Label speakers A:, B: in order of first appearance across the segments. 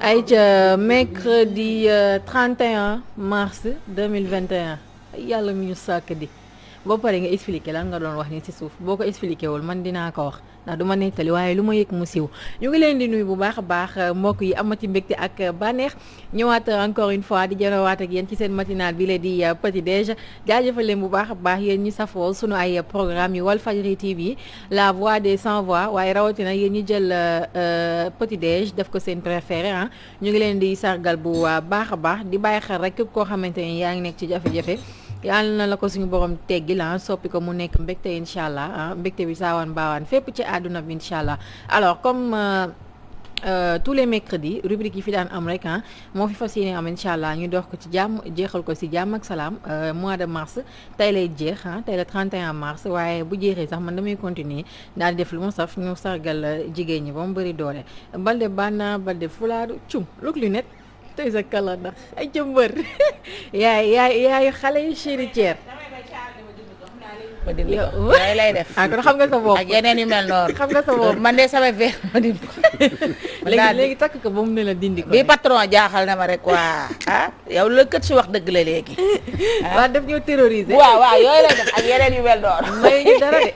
A: ayca mercredi 31 euh, mars 2021 yàlla mi ñu sàkk di boo paree nga expliqué lan nga doon wax ni ci suuf boo ko expliqué wul man dinaa ko wax ndax du nettali waaye lu ma yëg mu siiw ñu ngi leen di nuyu bu baax a baax euh, mbokk yi amati mbégte ak euh, bànneex ñëwaat euh, encore une fois di jarawaat ak yéen ci seen matinal bi la di petit déj jaajëfal leen bu baax a baax yéen ñu safoo sunu ay programme yi Walfadjri TV la voix des sans waaye rawatina yéen ñu jël petit déj def ko seen préféré ah ñu ngi leen di sargal bu baax a baax di bàyyi xel rek képp koo xamante ni yaa ngi nekk ci jafe-jafe yàlla na la ko suñu borom teggi la soppi ko mu nekk mbégte incha allah ah, mbégte bi saawaan baawaan fépp ci àdduna bi incha allah alors comme euh, euh, tous les mercredis rubrique yi fi daan am rek ah moo fi fas yéene am incha allah ñu dox ko ci jàmm jeexal ko si jàmm ak salaam euh, mois de mars tey lay jeex ah tey la 31 mars waaye bu jeexee sax man damay continuer daal def lu mu saf ñu sargal jigéen ñi ba mu bëri doole Balde Banna Balde Fulaadu Cum luk lu net tey sa kala ndax ay ca yaay yaay xale yi chéri Thier.
B: yow lay def ah xam nga sa bopp ak yeneen yu mel noonu sa man de sama verre ma dindi ko
A: léegi takk ko ba mu ne la dindi
B: ko bi patron jaaxal na ma rek waa ah, yow la kët si wax dëgg la léegi waa def ñoo terroriser waaw waaw yooyu lay def ak yeneen
A: yu mel
C: noonu may
B: dara de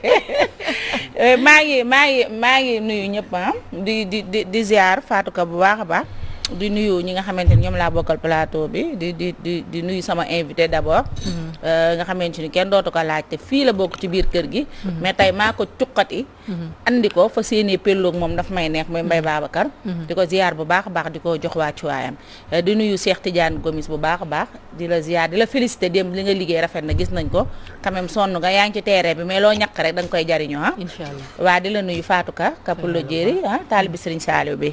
B: eh, maa ngi maa ngi maa ngi nuyu ñëpp ah di di di di ziar Fatou Ka bu baax a baax di nuyu ñi nga xamante ni ñoom laa bokkal plateau bi di di di di nuyu sama invité d'abord. Mm-hmm. Euh, nga xamante ni kenn dootu ko laajte fii la bokk ci biir kër gi. Mm-hmm. mais tey maa ko cuqati. Mm-hmm. andi ko fa séenee pelloog moom daf may neex muy Mbaye Babacar. di ko ziar bu baax a baax di ko jox wàccuwaayam euh, di nuyu Cheikh Tidiane Gomis bu baax a baax di la ziar di la félicité démb li nga liggéey rafet na gis nañ ko quand même sonn ga yaa ngi ci terrain bi mais loo ñàkk rek da nga koy jariñoo ah. incha allah waa di la nuyu Fatou ah, bi.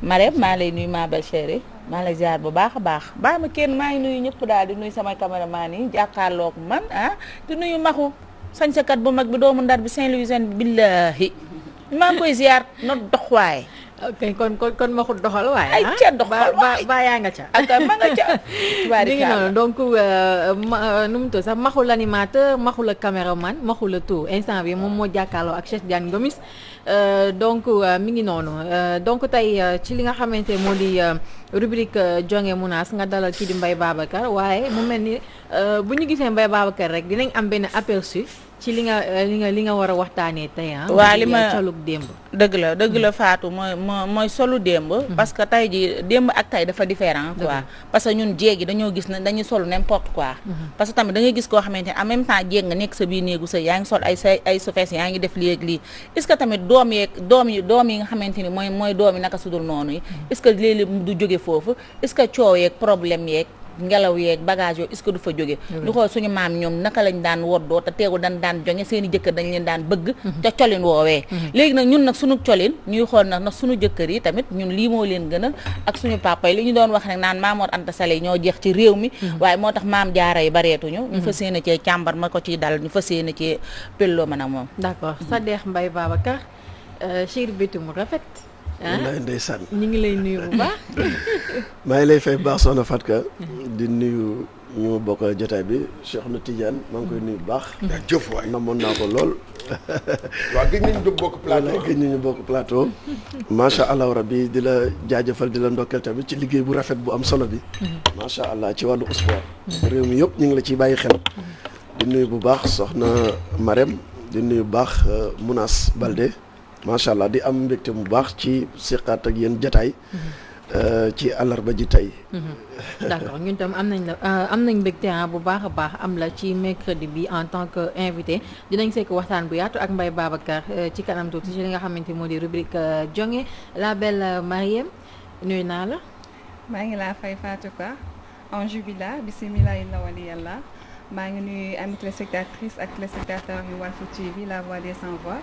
B: Marème maa lay nuyu maa belle chérie maa lay ziar bu baax a baax baa ma kenn maa ngi nuyu ñëpp daal di nuyu sama caméraman yi jàkkaarloog man ah di nuyu maxu sañsakat bu mag bi doomu ndar bi Saint-Louisien billahi maa ngi koy ziar na dox
A: kon kon kon ma xut doxal waaye. ay ca doxal baa ba yaa nga ca. ak ma nga ca. tubaari ngi noonu donc ma nu mu maxul animateur maxul a caméraman maxul a tout instant bi moom moo jàkkaarloo ak Cheikh Diagne Gomis donc mi ngi noonu donc tey ci li nga xamante moo di rubrique jonge munas nga dalal kii di mbay Babacar waaye mu mel ni bu ñu gisee Mbaye Babacar rek dinañ am benn aperçu. ci li nga eh, li nga li nga war a waxtaanee tey ah, waa li ma solug démb.
B: dëgg la dëgg la mm-hmm. Fatou mooy mooy solu démb. Mm-hmm. parce que tey ji démb ak tey dafa différent quoi parce que ñun jéeg yi dañoo gis ne dañuy sol n'importe quoi. Mm-hmm. parce que tamit da gis koo xamante ne en même temps jéeg nga nekk sa biir néegu sëy yaa ngi sol ay sa ay yaa ngi def lii ak lii est ce que tamit doom yeeg doom yi nga xamante ni mooy mooy doom yi naka sudul noonu yi est que léeg du jóge foofu est ce que coow yeeg problème ngelaw yee bagage yooyu est du fa jóge ñu xool suñu maam ñoom naka lañ daan woddoo te teegu dan daan joŋe seeni i jëkkër dañ leen daan bëgg mhm. ca colin woowee mhm. léegi nag ñun nag suñu colin ñuy xool nag nag suñu jëkkër yi tamit ñun lii moo leen gënal ak suñu papa yi li ñu doon wax rek naan Maamoor Anta Sali ñoo jeex ci réew mi mhm. waaye moo tax maam jaara yi bareetuñu ñu fas yéene cee càmbar ma ko ci dal ñu fa yéene cee
A: pelloo mën a moom d'accord sa dex Mbay Babacar euh, chir bitu mu rafet wallaay ndeysaan ñu ngi lay nuyu baax.
D: maa ngi lay fay baax soxna Fatka. di nuyu ñu bokk jotaay bi Cheikh na Tidiane maa ngi koy nuyu baax. jëf waay naa ko lool. waaw gëj ñu bokk plateau gëj nañu bokk plateau. macha allah rabbi di la jaajëfal di la ndokkeel tamit ci liggéey bu rafet bu am solo bi. macha allah ci wàllu sport. réew mi yëpp ñu ngi la ciy bàyyi xel. di nuyu bu baax soxna Marème di nuyu baax euh, Mounas Balde. macha allah di am mbégte mu baax ci siqaat ak yéen jataay euh, ci àllarba ji tey.
A: Mhm. d'accord ñun tam am nañ la euh, am nañ mbégte ah, bu baax a baax am la ci mercredi bi en tant que invité dinañ sekk waxtaan bu yaatu ak Mbaye Babacar euh, ci kanam tuuti ci li nga xamante moo di rubrique jonge la belle Mariem nuyu naa la.
E: maa ngi la fay Fatou Ka en jubila bisimilah. maa ngi nuyu ami téléspectatrice ak téléspectateur yu Walf TV la voix des sans voix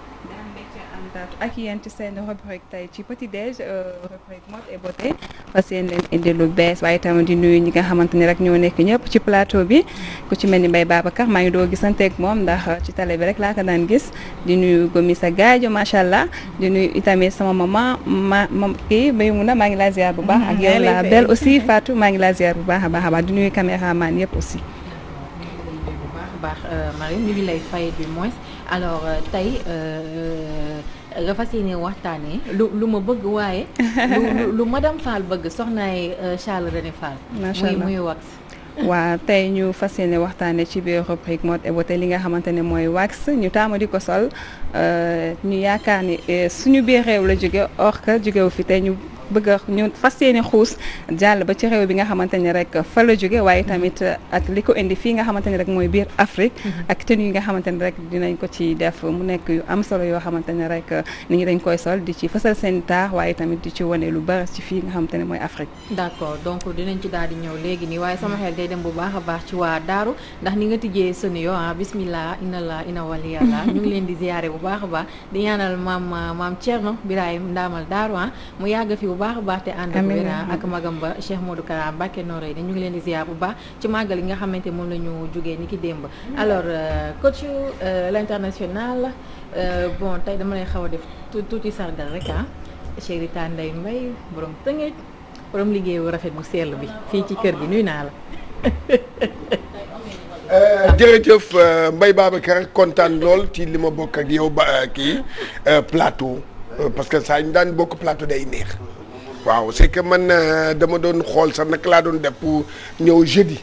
E: am taatu ak yéen ci seen rubrique tey ci petit déj euh, rubrique mode et beauté fas yéen leen indi lu bees waaye tamit di ñi nga xamante ni rek ñoo nekk ñëpp ci plateau bi ku ci mel ni Mbaye Babacar maa ngi doo gis gisanteeg moom ndax euh, ci télé bi rek laa ko daan gis di nuyu gomi gaajo macha allah di nuyu itamit sama maman ma ma kii bay mun a maa ngi laa ziar bu baax ak yow mm-hmm. la belle aussi Fatou maa ngi laa ziar bu baax baax a baax di nuyu yëpp aussi
A: baax euh, Marie ñu ngi lay fay du moins alors euh, tey euh, nga fas yéene waxtaanee lu lu ma bëgg waaye. lu lu dem Fall bëgg soxnaay Charles René Fall. macha allah muy muy
E: wax. waa tey ñu fas yéene waxtaanee ci biir rubrique mode et beauté li nga xamante ne mooy wax ñu taamu di ko sol ñu yaakaar ni suñu biir réew la jóge or que fi tey ñu bëgg a ñu fas yéene xuus jàll ba ci réew bi nga xamante ni rek fa la jóge waaye tamit uh, ak li ko indi fii nga xamante ni rek mooy biir Afrique mm-hmm. ak tenue yi nga xamante ni rek dinañ ko ci def mu nekk yu am solo yoo xamante ni rek uh, ni ñi dañ koy sol di ci fësal seen taax waaye tamit di ci wane lu bari ci fii nga xamante ne mooy Afrique
A: d'accord donc dinañ ci daal di ñëw léegi nii waaye sama xel day dem bu baax a baax ci waa daaru ndax ni nga tijjee sëni yo ah bismillah inna la ina wali yàlla ñu ngi leen di ziyaare bu baax a baax di ñaanal maam uh, maam Thierno Birahim ndaamal daaru ah, baax a baax te ànd ak magam ba Cheikh Modou Kara Mbacké Norey ni ñu ngi leen di ziar bu baax ci màggal yi nga xamante moom la ñu jógee ni ki démb alors euh, coach euh, l'international euh, bon tey dama lay xaw a def tuuti sargal rek ah Cheikh Tane Ndeye Mbaye borom tëngéej borom liggéeyu rafet bu sell bi fii ci kër gi nuyu naa la
D: jërëjëf Mbaye Babacar kontaan lool ci li ma bokk ak yow ba kii plateau parce que saa ñu daan bokk plateau day neex waaw c'est que man euh, dama doon xool sax naka laa doon depp ñëw jeudi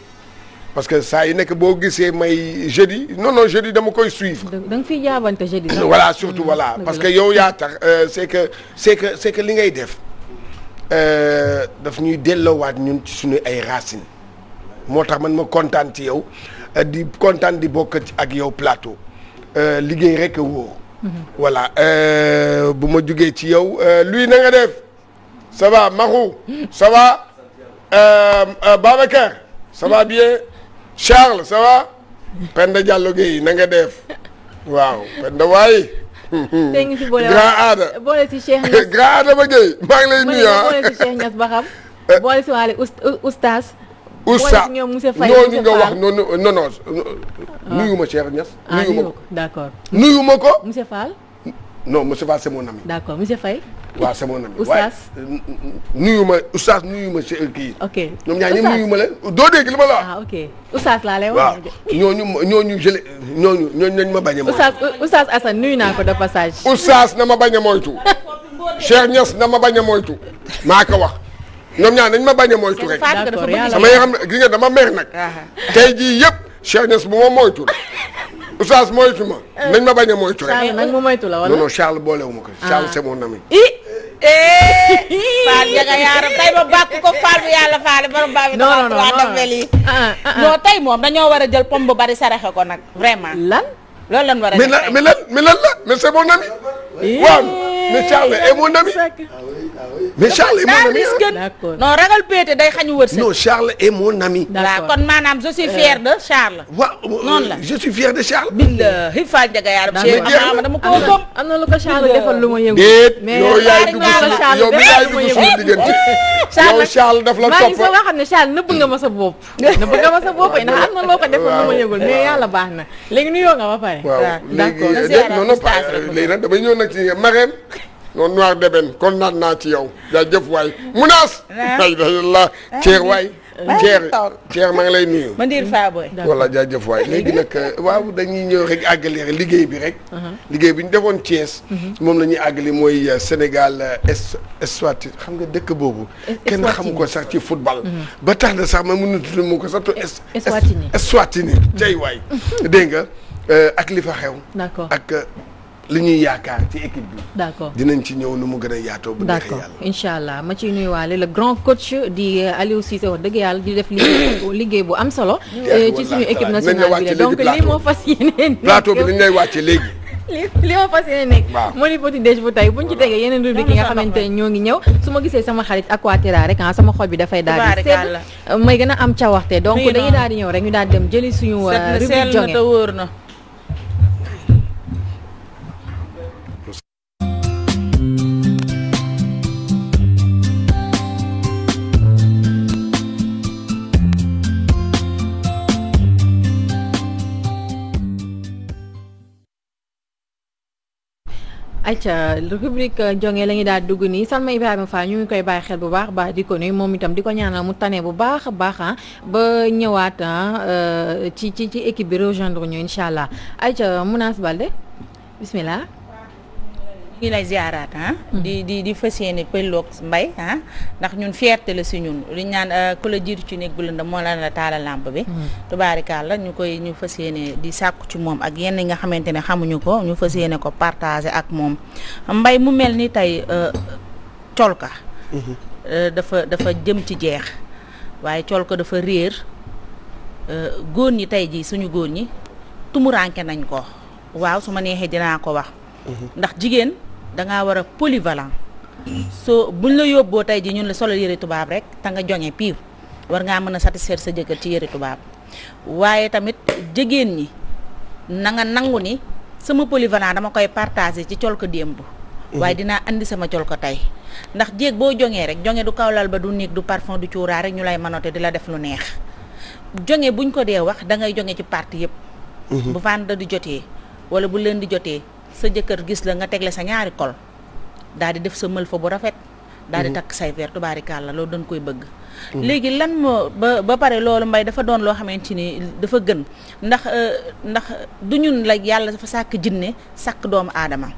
D: parce que saa yi nekk boo gisee may jeudi non non jeudi dama koy suivre. da nga fiy jaabante jeudi. voilà surtout voilà parce que yow yaa tax euh, que c'est que c'est que li ngay def euh, daf ñuy delloowaat ñun ci suñu ay racines moo tax man ma kontaan ci yow di kontaan di bokk ak yow plateau liggéey rek a wóor. Mm-hmm. voilà bu ma jugee ci yow luy na def. ça va Mahou ça va euh, euh, Babacar Charles ça va Penda Diallo Gueye na nga def waaw Penda waay. tey ngi ci boole grand aada
A: boole ci Cheikh Niass grand aada ba
D: Gueye maa ngi lay nuyu ah boole ci
A: Cheikh Niass ba eh. boole ci waale oustaz.
D: oustaz ñoom monsieur Faye nga wax noonu ah. nuyu ma Cheikh Niass. Ah, nuyu ma ko nuyu ma ko d'accord. monsieur Fall. non monsieur Fall c'est mon ami. d'accord monsieur waaw semoon na ami waaye nuyu ma oustaz nuyu ma ci kii.
A: ok ñoom ñaar ñoom nuyu ma leen
D: doo dégg li ma la wax. ah ok
A: oustaz laa lay wax.
D: waaw ñooñu ñooñu ma bañ a. moytu oustaz oustaz Assane nuyu naa ko de na ma bañ a moytu. Cheikh Niass na ma bañ a moytu. maa ko wax ñoom ñaar nañ ma bañ a tu rek. sama yoo xam ne gi nga dama mer nag. Ah. tey jii yëpp Cheikh Niass bu ma moytu rek. oustaz moytu ma. nañ ma bañ a moytu rek. Charles la wala non non Charles boolewuma ko. Ah. Charles c'est mon ami.
A: Eh!
B: Faal Njaga yaaram tey ba bàkk ko faal bu yàlla faale borom baa bi. non non non ah, ah, ah. tay moom dañoo war a jël pom bu bari saraxe ko nag vraiment. lan loolu lan war a def mais lan
D: mais lan mais c'est mon ami. Eh. waaw. Ah ah mais Charles est mon ami. mais Charles est mon ami d'accord non ragal péete day xañu wërsëg. non Charles est mon ami.
B: d'accord kon maanaam je suis fier de Charles. waaw noonu la je suis fier de Charles. billahi Fall
A: Ndiaga Yaram. am dama ko woon am na lu ko Charles defal lu ma yëngu. mais yow yaay dugg suñu yow mi yaay dugg suñu diggante. yow Charles daf la topp maa ngi soo xam ne Charles nëbb nga ma sa bopp. nëbb nga ma sa bopp ndax am na loo ko defal lu ma yëgul mais yàlla baax na léegi nuyoo nga ba pare.
D: d'accord léegi non non léegi nag damay ñëw nag ci Marème noonu noir deben kon naat naa ci yow jaajëf waay munaas ay dalla ceer waay ceer ceer maa ngi lay nuyu Mandir
B: Faboy voilà
D: jaajëf waay léegi nag euh, waaw dañuy ñëw rek àggale liggéey bi rek uh-huh. liggéey bi ñu defoon Thiès mm-hmm. moom la ñuy àggali mooy euh, Sénégal est euh, Eswatini xam nga dëkk boobu kenn xam ko sax ci football mm-hmm. ba tax na sax ma mën na mu ko sax to Eswatini Eswatini tey waay dégg ak li fa xew ak li ñuy yaakaar ci équipe bi. d' accord dinañ ci ñëw nu mu gën a yaatoo. bu neexee yàlla d' accord
A: incha allah ma ciy nuyuwaale la grand coach di euh, Aliou Cissé wax dëgg yàlla di def liggéey bu am solo. Euh, suñu équipe nationale bi donc lii moo fas yéeneen. bi dañ lay wàcce léegi. li li ma fas yéene nekk. waaw moo di bu tey bu ñu ci tegee yeneen rubrique ki nga xamante ne ñoo ngi ñëw su ma gisee sama xarit ak Aquatera rek ah sama xol bi dafay daal di sedd euh, may gën a am ca waxte donc dañuy daal di ñëw rek ñu daal dem jëli suñu rubrique jonge ayca rubrique jonge euh, la ñu daal dugg nii Salma Ibrahima Fall ñu ngi koy bàyyi xel bu baax ba di ko nuyu moom itam di ko ñaanal mu tane bu baax baax ah, ba ñëwaat ah, euh, ci ci ci équipe bi rejoindre ñu incha allah ayca Mounas Balde bismillah
B: ñu lay ziaraat ah.
A: mm-hmm. di di di fas yéene
B: pelloog mbay ah ndax ñun fierté la si ñun li ñaan euh, ku la jiitu ci néeg bu lëndëm moo la la taala làmp bi. Mm-hmm. la ñu koy ñu fas yéene di sàkku ci moom ak yenn yi nga xamante ne xamuñu ko ñu fas yéene ko partager ak moom mbay mu mel ni tey euh, colka. Mm-hmm. Euh, dafa dafa jëm ci jeex waaye colka dafa réer góor ñi tey jii suñu góor ñi tumuranke nañ ko waaw su ma neexee dinaa ko wax. ndax jigéen dangaa war a polyvalent soo buñ la yóbboo tey ji ñun la solo yëre tubaab rek te nga joŋe piiw war ngaa mën a satisfaire sa jëkkër ci yëre tubaab waaye tamit jigéen ñi nanga nangu ni sama polyvalent dama koy partagé ci col ko démb
D: mhm. waaye
B: dinaa indi sama col ko tey ndax jéeg boo joŋee rek joŋe du kawlal ba du néeg du parfum du cuuraa rek ñu lay manoté di la def lu neex joŋe buñ ko dee wax da ngay joŋe ci parti yëpp mhm. bu vendredi di jotee wala bu lundi di jotee sa jëkkër gis la nga tegle sa ñaari kol daal di def sa mël fa bu rafet daal di mhm. takk say verre la loolu dañ koy bëgg mhm. léegi lan moo ba ba pare loolu mbay dafa doon loo xamante ni dafa gën ndax euh, ndax du ñun la yàlla dafa sàkk jinne sàkk doomu aadama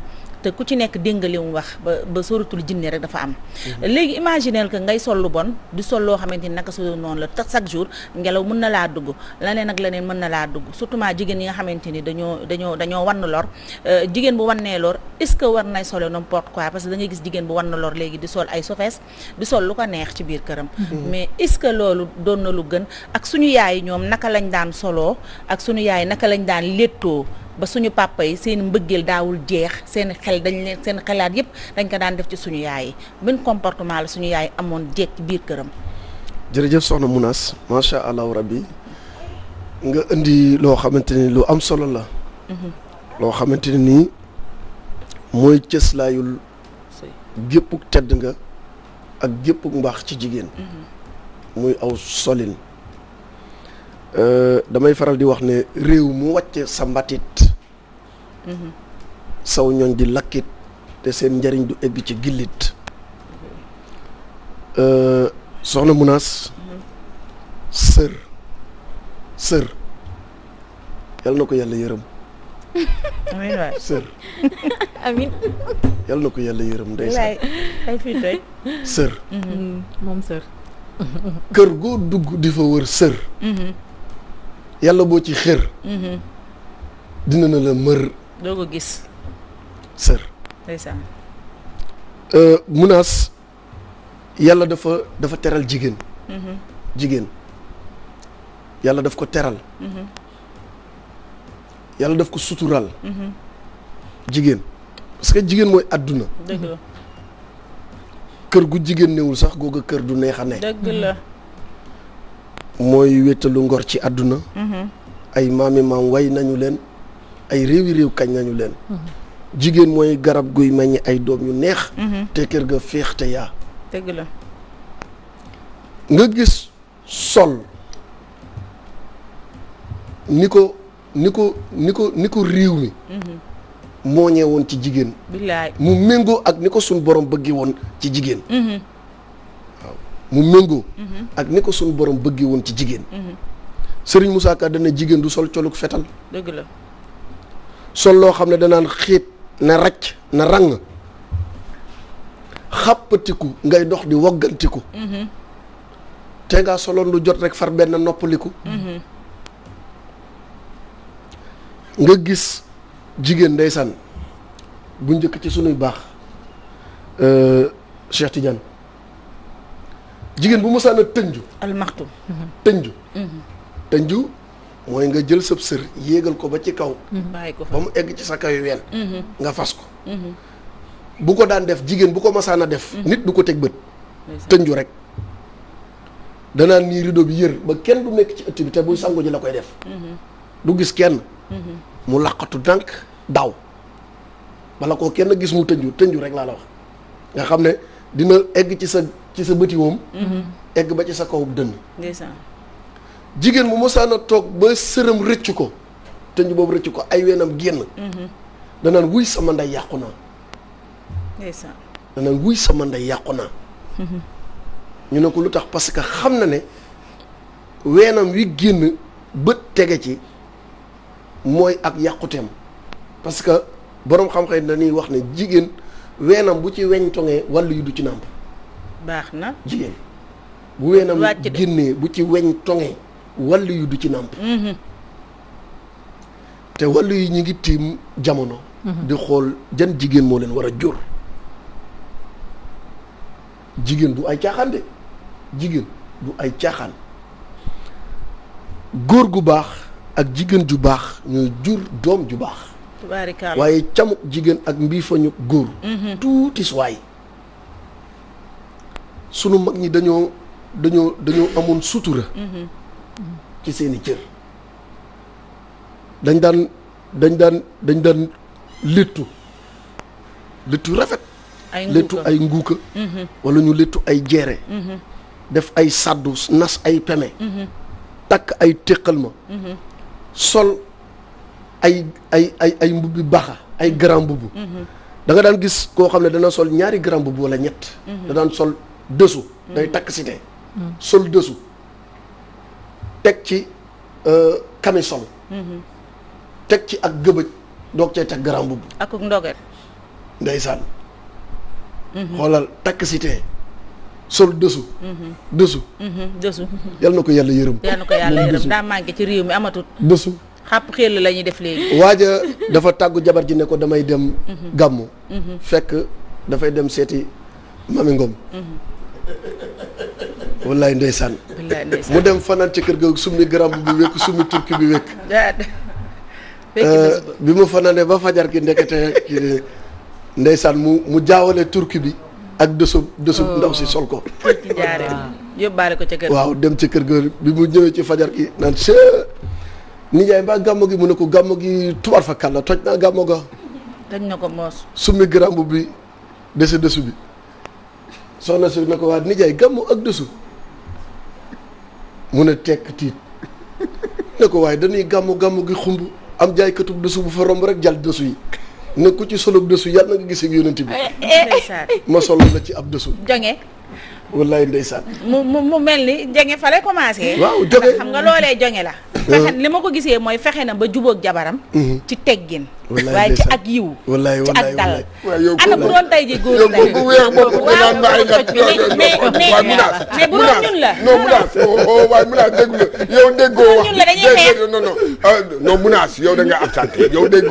B: te ku ci nekk dégg li mu wax ba ba sóoratul jinne rek dafa am. Mhm. léegi imagineel que ngay sol lu bon di sol loo xamante ni naka su noonu la chaque jour ngelaw mun na laa dugg leneen ak leneen mën na laa dugg surtout ma jigéen yi nga xamante ni dañoo dañoo dañoo wan lor euh, jigéen bu wannee lor est ce que war nay solo n'importe quoi parce que da ngay gis jigéen bu wan lor léegi di sol ay sofees di sol lu ko neex ci biir këram. Mhm. mais est ce que loolu doon na lu gën ak suñu yaay ñoom naka lañ daan soloo ak suñu yaay naka lañ daan léttoo. ba suñu papa yi seen mbëggeel daawul jeex seen xel dañ leen seen xelaat yëpp dañ ko daan def ci suñu yaay yi benn comportement la suñu yaay amoon jeeg biir këram.
D: jërëjëf soxna Mounass macha allahu rabbi nga indi loo xamante ni lu am solo la. Mhm. loo xamante ne nii mooy cëslaayul géppuk tedd nga ak géppuk mbaax ci jigéen. Mhm. muy aw solin. Euh, damay faral di wax ne réew mu wàcce sa mbatit mhm. saw ñooñ di lakkit te seen njariñ du ebbi ci gillit euh, soxna munaas mhm. sër sër yal na ko yàlla yërëm amiin waay ko yàlla yërëm
A: ndeysaan sër mhm. mm, moom sër
D: kër goo dugg di fa wër sër yàlla boo ci xër. Mm-hmm. dina na la mër. doo ko gis. sër. Euh, munaas yàlla dafa dafa teral jigéen. Mm-hmm. jigéen yàlla daf ko teral. Mm-hmm. yàlla daf ko suturaal. jigéen parce jigéen mooy àdduna. kër gu jigéen newul sax googu kër du neex mooy wéttalu ngor ci àdduna mm-hmm. ay maami maam way nañu leen ay réewi réew kañ nañu leen
C: mm-hmm.
D: jigéen mooy garab guy meññ ay doom yu neex mm-hmm. te kër ga féex te yaa nga gis sol ni ko ni ko ni ko ni ko réew mi moo woon ci jigéen mu méngoo ak ni ko suñ borom bëggee woon ci jigéen mu méngoo ak ni ko suñu borom bëggee ci jigéen sëriñ Moussa dana jigéen du sol coluk fetal sol loo xam ne danaan xiit na racc na ràng xàppatiku ngay dox di woggantiku te ngaa soloon lu jot rek far benn noppaliku nga gis jigéen ndeysaan bu njëkk ci sunuy baax euh, Cheikh Tidiane jigéen bu mosaan a tënju. almaxtum mhm. tënju. Mhm. tënju mooy nga jël sab sër yéegal ko ba ci kaw.
B: Mhm. bàyyi ko ba mu
D: egg ci sa kaw yu ween nga fas ko. bu ko daan def jigéen bu ko mosaan a def. nit du ko teg bët. tënju rek danaan nii rido bi yër ba kenn du nekk ci ëtt bi te buy sangu la koy def. du gis kenn. mu laqatu ndànk daw. bala koo kenn gis mu tënju tënju rek laa la wax nga xam ne dina egg ci sa. ci sa bëti woom mm-hmm. egg ba ci sa kaw dënn jigéen bu mosaan a toog ba sëram rëcc ko tënj boobu rëcc ko ay weenam génn mm-hmm. danaan wuy sama nday yàqu naa danaan wuy yàqu naa mm-hmm. ñu ne ko lu tax parce que xam na ne weenam wi génn bët tege ci mooy ak yàquteem parce que boroom xam-xam dañuy wax ne jigéen weenam bu ci weñ toŋee wàllu yu du ci nàmp baax na jigéen bu weenam génnee bu ci weñ toŋee wàllu yu du ci nàmp mm-hmm. te wàllu yi ñu ngi tiim jamono mm-hmm. di xool jan jigéen moo leen war a jur jigéen du ay caaxaan de jigéen du ay caaxaan góor gu baax ak jigéen ju baax ñooy jur doom ju baax waaye camuk jigéen ak mbii fañu góor mm-hmm. tuuti suwaay sunu mag ñi dañoo dañoo dañoo amoon sutura. Mm-hmm. ci seeni cër. dañ daan dañ daan dañ daan léttu léttu rafet.
C: ay léttu ay nguuka. Mm-hmm.
D: wala ñu léttu ay jeere. Mm-hmm. def ay sàddu nas ay peme. takk ay téqal ma. sol ay ay ay ay mbubbi baaxa ay grand mbubb da daan gis koo xam ne dana sol ñaari grand mbubb wala ñett. da daan sol. dessous day takk cité sol dessous teg ci euh, camisole mhm. teg ci ak gëbëj doog cay teg grand mbubb
B: ak ndoget ndeysaan mhm.
D: xoolal takk cité sol dësu mhm. dësu dësu yal na ko yàlla yërëm yal na ko yàlla yërëm daa
B: manqué ci réew mi amatut dësu xàpp xel la def léegi
D: waaja dafa tàggu jabar ji ne ko damay dem gàmmu fekk dafay dem seeti mami wallaay ndeysaan mu dem fanaan ci kër ga summi garam bi wékk summi turki bi wékk euh, bi mu fanaanee ba fajar gi ndekete ndeysaan mu mu jaawale turki bi ak dësum dësum ndaw si oh. sol ko
B: ko ca waaw
D: dem ci kër ga bi mu ñëwee ci fajar gi naan se nijaay mbaa gàmmo gi mu ne ko gàmmo gi tubar fa kàlla toj naa gàmmo ga na ko moos summi garam bi dese dësu bi soxna su ne ko waa nijaay gàmmu ak dësu mun a tekk tiit ne ko waaye danuy gàmmu gàmmu gi xumb am jaaykatu dësu bu fa romb rek jàll dësu yi ne ci solo dësu yàlla nga gis ak yonent bi eh,
C: eh, eh.
D: ma solo la ci ab dësu jonge wallaay ndeysaan
B: mu mu mu mel ni jonge fa lay commencé waaw jonge xam nga la fexe li ma ko gisee mooy fexe na ba jubóog jabaram mm-hmm. ci teggin waaye ci ak yiw ci ak
D: ana bu doon tey ji weex boobu nga naan ma ay ngat mais la non munaas oh, oh, waaye munaas déglu yow déggoo wax ah, da nga wax eh. dégg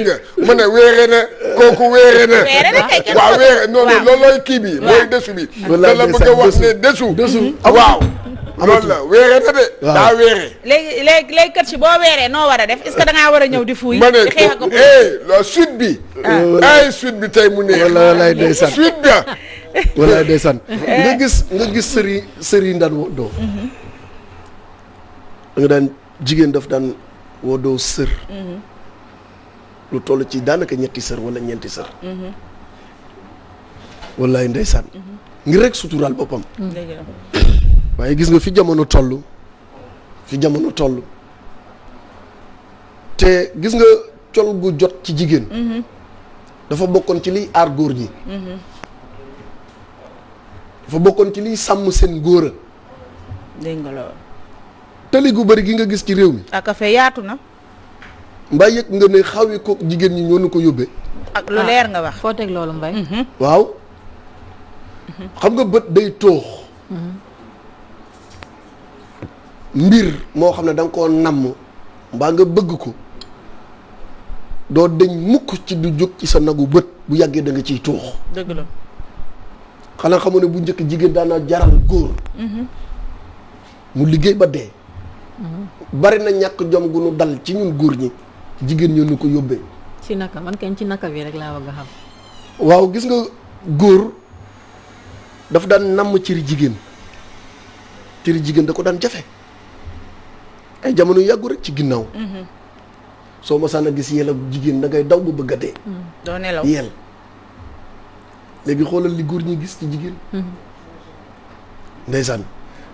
D: nga mu ne kooku weere na waaw weere non non looy kii bi mooy desu bi a waaw loolu la na de. waaw daa
B: léegi léegi kër si boo weeree noo war a def est-ce que da war a ñëw di fuuy. ma ne eh
D: suite bi. Ah. ay suite bi tey mu neex. wala walaay ndeysaan suite ah.
C: eh. nga gis nga
D: gis sëriñ sëriñ daan mm-hmm. daf daan woddoo mm-hmm. toll ci daanaka ñetti sër wala ñeenti sër. Mm-hmm. walaay ndeysaan ngir rek suturaal boppam. waaye gis nga fi jamono toll fi jamono toll te gis nga col gu jot ci jigéen mm-hmm. dafa bokkoon ci liy aar góor ñi mm-hmm. dafa bokkoon ci liy sàmm seen góor a dégg nga loolu gu bari gi nga gis ci réew mi ak fa yaatu na mbay yëg nga ne xawi ko jigéen ñi ñoo nu ko yóbbee
B: ak lu leer nga wax foo teg loolu mbay mm-hmm.
D: waaw xam nga bët day toox mbir moo xam ne da ko koo mbaa nga bëgg ko doo deñ mukk ci du jóg ci sa nagu bët bu yàggee danga ciy tuux dëgg la xanaa xamoo ne bu njëkk jigéen daana jaral góor mm-hmm. mu liggéey ba dee mm-hmm. bari na ñàkk jom gu nu dal ci ñun góor ñi jigéen ñoo nu ko yóbbee
A: ci naka man kenn ci naka bi rek laa bëgg xam
D: waaw gis nga góor dafa daan namm cëri jigéen cëri jigéen da ko daan jafe ay jamono yàggu rek ci ginnaaw. Mhm. soo mosaan a gis yel ak jigéen da ngay daw bu bëgg a dee.
B: Mhm. doo nelaw
D: léegi xoolal li góor ñi gis ci jigéen. Mhm. ndeysaan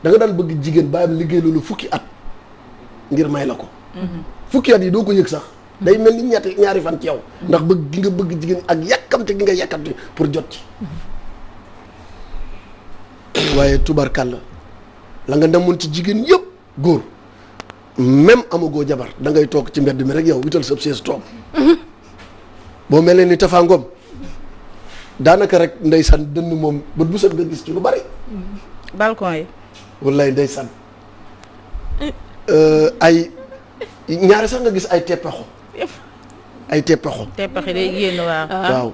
D: da nga bëgg jigéen baayam liggéey loolu fukki at ngir may la ko. fukki at yi doo ko yëg sax. day mel ni ñetti ñaari fan ci yow. ndax bëgg gi nga bëgg jigéen ak yàkkamte gi nga yàkkamte pour jot ci. waaye tubarkàlla la nga demoon ci jigéen yëpp góor. même amagoo jabar da ngay toog ci mbedd mi rek yow wital sab sees toog boo mel ni Tapha Ngom daanaka rek ndeysaan dënn moom bët bu set nga gis ci lu bari. balcon yi. wallaay ndeysaan euh, ay ñaari sax nga gis ay teppaxu ay teppaxu.
B: teppax yi day génn waaw.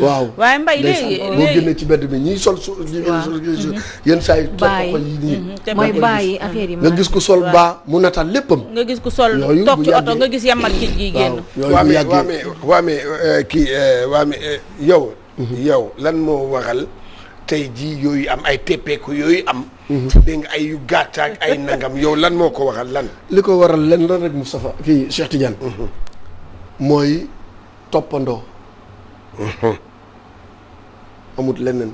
B: waaw waaye mbay léegi boo génnee
D: ci mbedd bi ñiy sol su. waaw yenn mhm. saa yi. bàyyi mhm. mooy bàyyi
C: affaire yi nga gis
D: ku sol baa mu nataal léppam. nga gis ku sol toog ci oto nga gis yammat ci ji génn. waaw yooyu bu yàggee waa eh, kii eh, eh, yow. Mhm. yow lan moo waxal tey ji yooyu am ay teppeeku yooyu am. dégg ay yu gàtt ak ay nangam yow lan moo ko waral lan. li ko waral lenn la rek Moustapha kii Cheikh Tidiane. mooy toppandoo mhm. amut leneen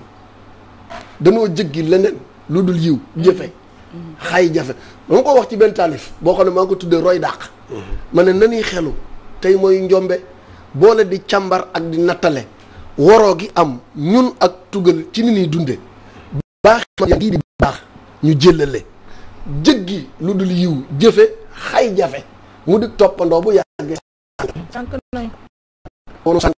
D: danoo jëggi leneen lu dul yiw jëfe mhm. xay jafe ma ko wax ci benn taalif boo xam ne ko tuddee roy dàq mhm. ma ne nanuy xelu tey mooy njombe boole di càmbar ak di nattale waroo gi am ñun ak tugal ci ni ñuy dunde baax di di baax ñu jëlale jëggi lu dul yiw jëfe xay jafe mu di toppandoo bu yàggee sànq nañ moonu sànq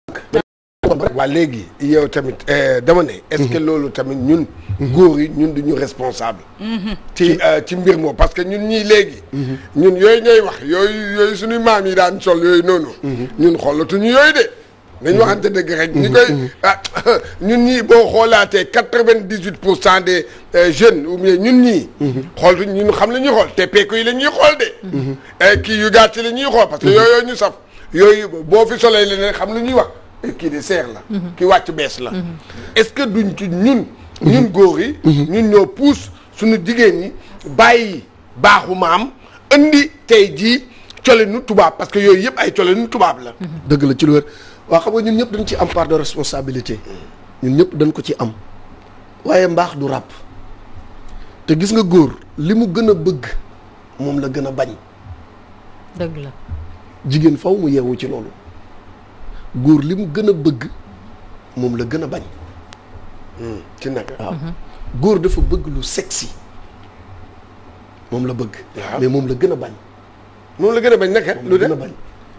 D: waa léegi yow tamit eh, dama ne est-ce que mhm. loolu tamit ñun mhm. góor yi ñun duñu responsable mhm. ci ci euh, mbir moo parce que ñun ñii léegi ñun yooyu ngay wax yooyu yooyu suñuy maam yi daan sol yooyu noonu ñun xoolatuñu yooyu de nañ waxante dëgg rek ñi koy ah ñun ñii boo xoolaatee quatre-vingt-dix-huit pour cent de euh, jeunes ou bien ñun ñii xooltuñ ñun xam la ñu xool te peeku yi la ñuy xool de eh, kii yu gàtt la ñuy xool parce que yooyu ñu saf yooyu boo fi solee leneen xam lu ñuy wax eh, kii de seer la mhm. ki wàcc bees la mhm. est-ce que duñ ci ñun mhm. ñun góor yi ñun ñoo puus suñu jigéen ñi bàyyi baaxu maam indi tey jii colinu tubaab parce que yooyu yëpp ay colinu tubaab la dëgg la ci lu wér waa xam nga ñun ñëpp dañ ci am part de responsabilité mm. ñun ñëpp dañ ko ci am waaye mbaax du ràpp te gis nga góor li mu gën a bëgg moom la gën a bañ dëgg la jigéen faw mu yeewu ci loolu góor li mu gën a bëgg moom la gën a bañ. Hmm, ci naka mhm. dafa bëgg lu sexy moom la bëgg. moom la gën a bañ. moom la gën a bañ naka. lu de bañ.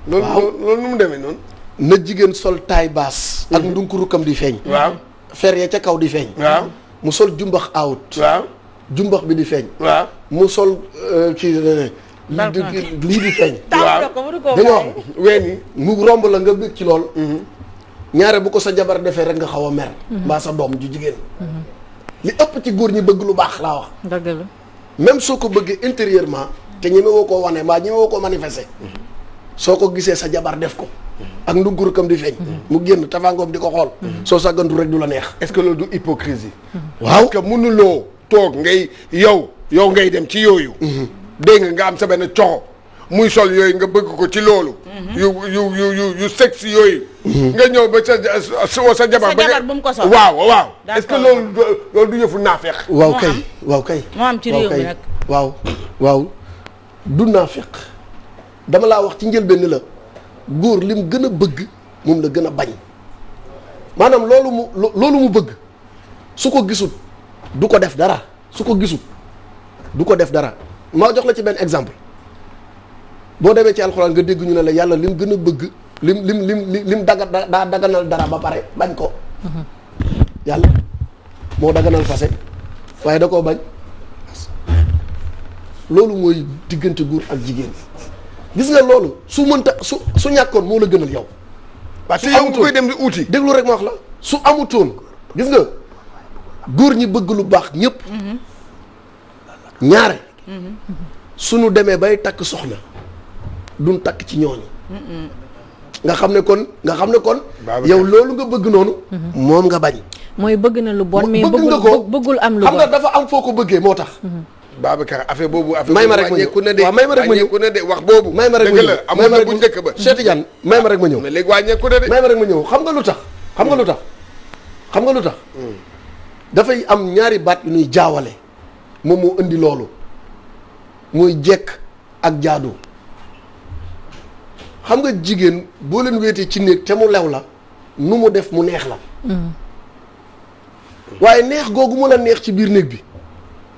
D: loolu loolu mu demee noonu. na jigéen sol taay baas. Mhm. ak ndunkurukam di feeñ. waaw fer ya ca kaw di feeñ. mu sol jumbax awut. jumbax bi di feeñ. waaw mu sol euh, ci. Euh, lii di lii di feeñ. waaw dañoo wax ween yi mu romb la nga bëgg ci lool. Mhm. ñaare bu ko sa jabar defee rek nga xaw a mer. Mhm. mbaa sa doom ju jigéen. Mhm. li ëpp ci góor ñi bëgg lu baax laa wax. dëgg même soo ko bëggee intérieurement. te ñeme woo koo wane mbaa ñeme woo koo manifester. soo ko gisee sa jabar def ko. ak ndungur kam di feeñ. mu génn tafaangoom di ko xool. soo sàggantu rek du la neex. est-ce que loolu du hypocrisie waaw parce que mënuloo toog ngay yow yow ngay dem ci yooyu. dégg nga nga am sa benn coxo muy sol yooyu nga bëgg ko ci loolu. Mhm. yu yu yu yu yooyu. Mhm. nga ñëw ba sa sa jabar ba nga bu mu ko sol waaw waaw. est loolu du yëfu naafeq. waaw kay waaw kay. moo ci réew nag waaw waaw du naafeq dama laa wax ci njëlbeen la góor li mu gën a bëgg moom la gën a bañ maanaam loolu mu loolu mu bëgg su ko gisul du ko def dara su ko gisul du ko def dara. ma jox la ci benn exemple boo demee ci alxuraan nga dégg ñu ne la yàlla lim gën a bëgg lim lim lim lim daga daa daganal dara ba pare bañ ko. Mhm. yàlla moo daganal fase waaye da koo bañ loolu mooy diggante guur ak jigéen gis nga loolu su mënta su su ñàkkoon moo la gënal yow. su yow koy dem di uuti. déglu rek ma wax la su amutoon gis nga góor ñi bëgg lu baax ñëpp. Mhm. ñaare suñu demee bay takk soxna duñ takk ci ñooñu nga xam ne kon nga xam ne kon yow loolu nga bëgg noonu mhm. moom nga bañ mooy bëgg na lu bon mais bëgg nga ko bëggul am lu bon xam nga dafa am foo ko bëggee moo tax mhm. Babacar affaire boobu affaire may ma ma ñëw ku ne de may ma rek ma ñëw ku ne de wax boobu may ma rek ma ñëw amoon na bu njëkk ba Cheikh Tidiane may ma rek ma ñëw mais léegi wàññeeku may ma rek ma ñëw xam nga lu tax xam nga lu tax xam nga lu tax hmm. dafay am ñaari baat yu ñuy jaawale moom moo indi loolu mooy jekk ak jaadu xam nga jigéen boo leen wéetee ci néeg te mu lew la nu mu def mu neex la hmm. waaye neex googu mu la neex ci biir néeg bi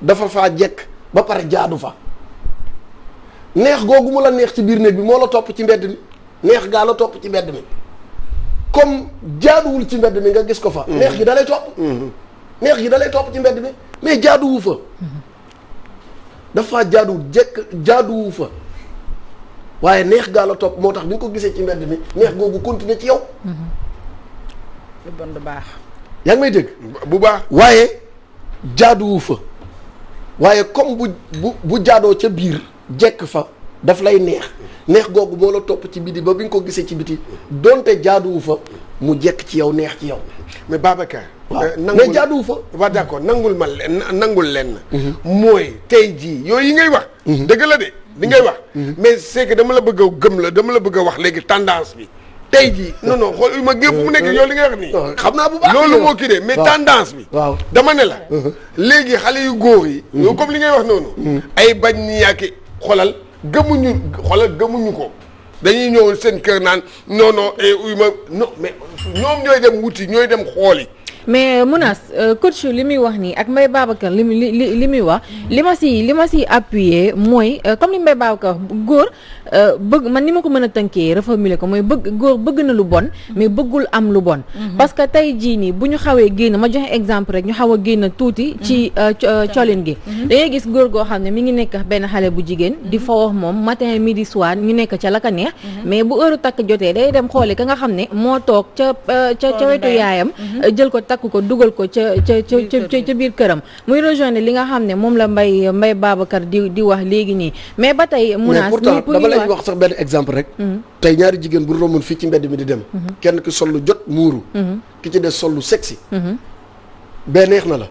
D: dafa faa jekk ba pare jaadu fa neex googu mu la neex ci biir néeg bi moo la topp ci mbedd mi neex gaa la topp ci mbedd mi comme jaaduwul ci mbedd mi nga gis ko fa hmm. neex gi dalay topp hmm. neex gi dalay topp ci mbedd mi mais jaaduwu fa dafa jaaduwul jekk jaaduwu fa waaye neex gaa la topp moo tax bi nga ko gisee ci mbedd mi neex googu continuer ci yow. lu baax. yaa ngi may dégg. bu baax waaye jaaduwu fa waaye comme bu bu jaadoo ca biir jekk fa daf lay neex neex googu moo la topp ci biti ba bi nga ko gisee ci biti donte jaaduwu fa mu jekk ci yow neex ci yow. mais Babacar. waaw euh, mais jaaduwul fa. waaw d'accord nangul ma leen nangul leen. Mhm. mooy tey jii yooyu yi ngay wax. Mhm. dëgg la de li ngay wax. Mhm. mais c'est dama la bëgg gëm la dama la bëgg a wax léegi tendance bi. tey jii non non xool ma gépp mu nekk yow li ngay wax nii. xam naa bu baax loolu moo kii de mais tendance bi. waaw dama ne la. léegi xale yu góor yi. comme li ngay wax noonu. ay bañ yaa yàq xolal gëmuñu xolal gëmuñu ko. dañuy ñëw seen kër naan non non et eh, ma non mais ñoom ñooy dem wuti ñooy dem xooli
A: mais euh, Mounas euh, coach li muy wax nii ak Mbaye Babacar li li li muy wax li ma si li ma si appuyer mooy euh, comme li Mbaye Babacar góor bëgg man ni ma ko mën a tënkee reformuler ko mooy bëgg góor bëgg na lu bon mais bëggul am lu bon mhm. parce que tey jii nii bu ñu xawee génn ma joxe exemple rek ñu xaw a génn tuuti mhm. ci colin gi mhm. dangay gis góor goo xam ne mi ngi nekk benn xale bu jigéen di fa moom matin midi soir ñu nekk ca la ka neex mais bu heure takk jotee day dem xoole ka nga xam ne moo toog ca ca ca takk ko dugal ko ca ca ca ca biir këram muy rejoindre li nga xam ne moom la mbay mbay Babacar di di wax léegi nii mais ba tey munaas mais pourtant dama lay wax
D: sax benn exemple rek mhm. tey ñaari jigéen bu romboon fii ci mbedd mi di dem mhm. kenn ki sollu jot muuru mhm. ki ci des sollu sexy bee neex na la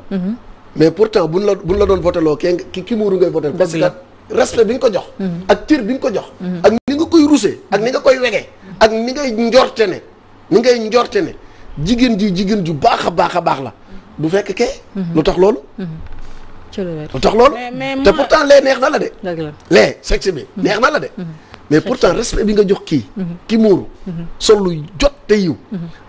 D: mais pourtant buñ la buñ la doon voteloo ki ki muuru ngay votel parce que respect bi nga ko jox ak cër bi nga ko jox ak ni nga koy rusee ak ni nga koy wegee ak ni ngay njorte ne ni ngay njorte ne jigéen ji jigéen ju baax a baax a baax la du fekk kee. Mhm. lu tax loolu. Mhm. lu tax loolu. te pourtant lee neex na la de. lee sexe bi mhm. neex na la de. mais pourtant respect bi nga jox kii. ki muuru. sol lu jot te yiw.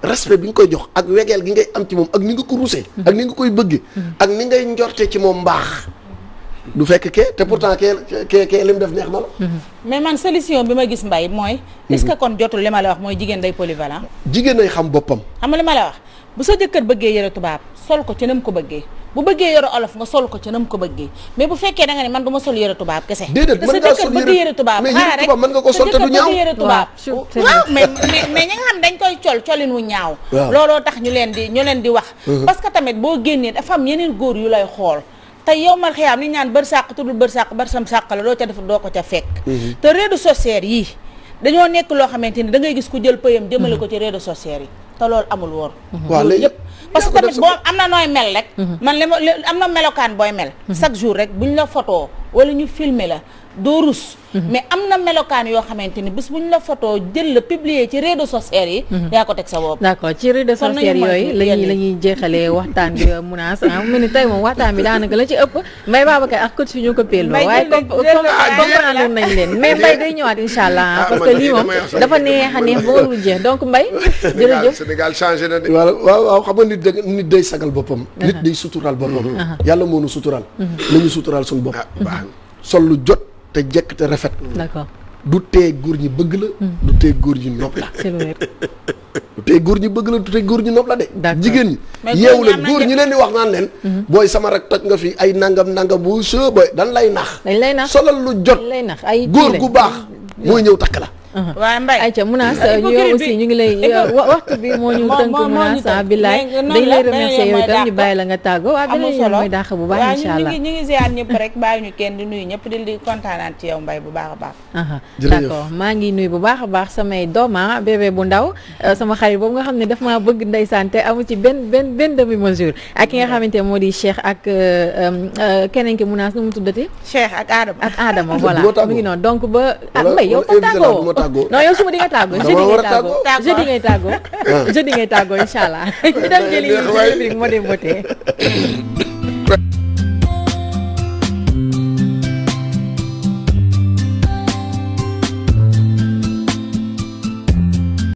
D: respect bi nga koy jox ak wegeel gi ngay am ci moom ak ni nga ko ruusee. ak ni nga koy bëggee. ak ni ngay njorte ci moom mbaax. du fekk kee te pourtant kee kee kee def neex na
B: mais man solution bi ma gis mbay mooy. est kon jotul li ma la wax jigéen day polyvalent.
D: jigéen day xam boppam.
B: xam nga li ma la wax bu sa jëkkër bëggee yëre tubaab sol ko ci nam ko bëggee bu bëggee yëre olof nga sol ko ci nam ko bëggee mais bu fekkee da nga ne man du ma sol yëre tubaab kese. déedéet mën ngaa sol yëre tubaab mais yëre tubaab mën nga ko sol te du ñaaw yëre tubaab ah, mais mais xam dañ koy col colin wu ñaaw. looloo tax ñu leen di ñu leen di wax. Uh-huh. parce que tamit boo génnee dafa am yeneen góor yu lay xool tey yow mal xiyaam li ñaan bër sàq tuddul bër sàq bar sam sàq la loo ca def doo ko ca fekk mhm. te réseaux sociaux yi dañoo nekk loo xamante ni da ngay gis ku jël pëyam jëmale ko mhm. ci réseaux sociaux yi te loolu amul woon mhm. waaw léegi parce que tamit boo am na nooy mel rek man li ma am na melokaan booy mel chaque jour rek bu ñu la fotoo wala ñu filme la doo rus mais am na melokaan yoo xamante ni bés bu ñu la photo jël la publier ci réseaux sociaux yi mhm. yaa ko teg sa
A: bopp d'accord ci réseaux sociaux yooyu lañuy la ñuy jeexalee waxtaan bi euh, munaas ah mu ni tey moom waxtaan bi daanaka la ci ëpp Mbaye Babacar ak coach fi ñu ko péelloo waaye comprendre nañ leen mais Mbaye day ñëwaat insha allah ah, parce que lii moom dafa neex a neex boo jeex donc Mbaye
D: jërëjëf Sénégal changé na de waaw waaw xam nga nit day sagal boppam nit day suturaal boppam yàlla moo sol lu jot te jekk te rafet. d'accord du tee góor ñi bëgg la. Hmm. du tee góor ñi nopp la. du bëgg la du góor ñi nopp la de. jigéen ñi yeewu leen góor ñi leen di wax naan leen. Hmm. booy sama rak toj nga fi ay nangam nangam bu soo dan lay nax. dañ lay nax solal lu
A: jot. lay nax ay góor gu
D: baax. Hmm. mooy ñëw takk la.
A: waaw Mbaye ayca Mounass ñu yow aussi ñu ngi lay waxtu bi moo ñu tënk Mounass billaay dañ lay remercier yow bàyyi la nga tàggoo waaw beneen yoon mooy dàq bu baax incha allah
B: ñu ngi ziar ñëpp rek bàyyi ñu kenn di nuyu ñëpp di di
A: kontaanaan ci yow bu baax a baax d'accord maa ngi nuyu bu baax a baax samay dooma bébé bu ndaw sama xarit boobu nga xam ne daf maa bëgg ndeysaan te amu ci benn benn benn demi mesure ak ki nga xamante moo di Cheikh ak keneen ki Mounass nu mu tuddati Cheikh ak Adama ak Adama voilà mu ngi noonu donc ba ah Mbaye yow ko tàggoo tàggoo. non yow suba di nga tàggoo jeudi ngay tàggoo jeudi ngay tàggoo jeudi ngay tàggoo incha allah ñu dem jëli rubrique